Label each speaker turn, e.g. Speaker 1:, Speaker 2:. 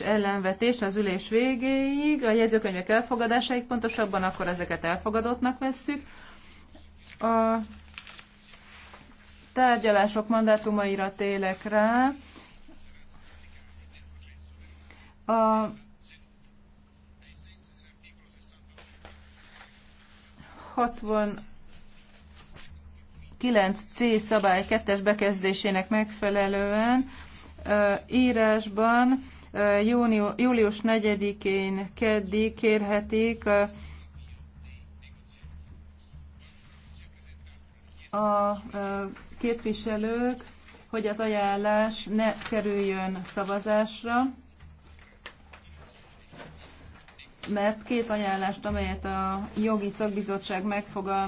Speaker 1: ellenvetés az ülés végéig, a jegyzőkönyvek elfogadásáig pontosabban, akkor ezeket elfogadottnak vesszük. A tárgyalások mandátumaira télek rá. A 9 c szabály kettes bekezdésének megfelelően írásban Június július 4-én keddig kérhetik a képviselők, hogy az ajánlás ne kerüljön szavazásra, mert két ajánlást, amelyet a jogi
Speaker 2: szakbizottság megfogal,